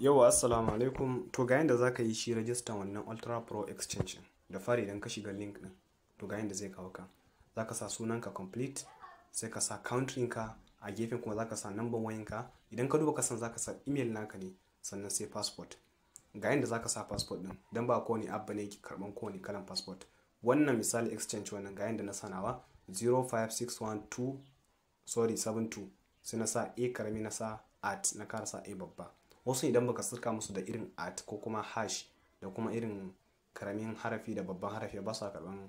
yawa assalamu alaikum to ga yadda za ka yi shi rajistan wannan ultra pro exchange da fari idan ka shiga link din to ga yadda zai kawo ka za ka sa sunanka complete sai ka sa country ka a gefen kuma za ka sa number wayan ka idan ka duba kasan za ka sa email naka ne sannan sai passport ga yadda za ka sa passport din don ba kowane app ne ke karban kowane kalan passport wannan misali exchange wannan ga yadda na sanawa 05612 sorry 72 sai na sa a karami na sa at na karasa a babba wasu idan baka sirka musu da irin at ko kuma hash da kuma irin karamin harafi da babban harafi ba sa karban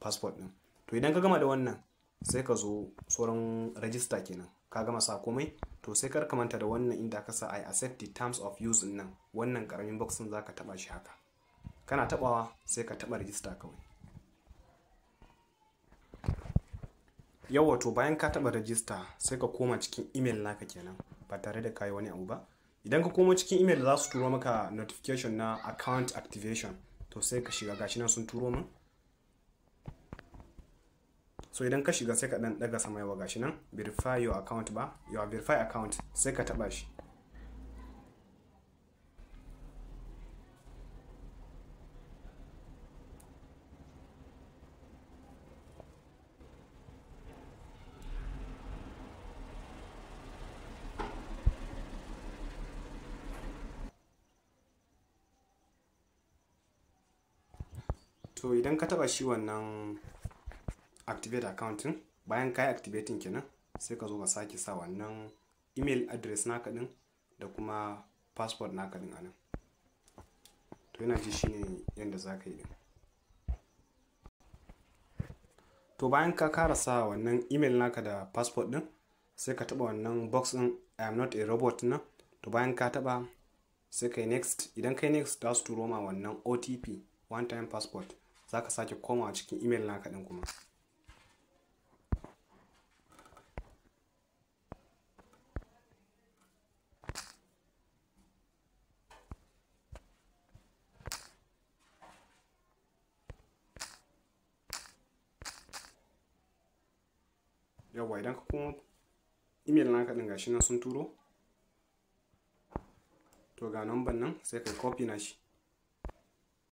passport din to idan ka gama da wannan sai ka zo sauran rajista kenan ka gama sa komai to sai kar ka manta da wannan inda ka sa i accept the terms of use nan wannan karamin box din zaka taba shi haka kana tabawa sai ka taba rajista kawai yawa to bayan ka taba rajista sai ka koma cikin email naka kenan ba tare da kai wani abu ba idan ka komo cikin email za su turo maka notification na account activation to sai ka shiga gashi nan sun turo min so idan ka shiga sai ka dan daga sama yawa gashi nan verify your account ba your verify account sai ka taba shi to idan ka taba shi wannan activate accounting bayan ka yi activating kenan sai ka zo ka sake sa wannan email address naka din da kuma passport naka din anan to yana ji shine yanda za ka yi din to bayan ka karasa wannan email naka da passport din sai ka taba wannan box din i am not a robot na to bayan ka taba sai kai next idan kai next za su turo ma wannan otp one time passport za ka sake a cikin imel naka din kuma yawwa idan ka kuma imel naka din gashi nan sun turo to ga nan sai kai copy na shi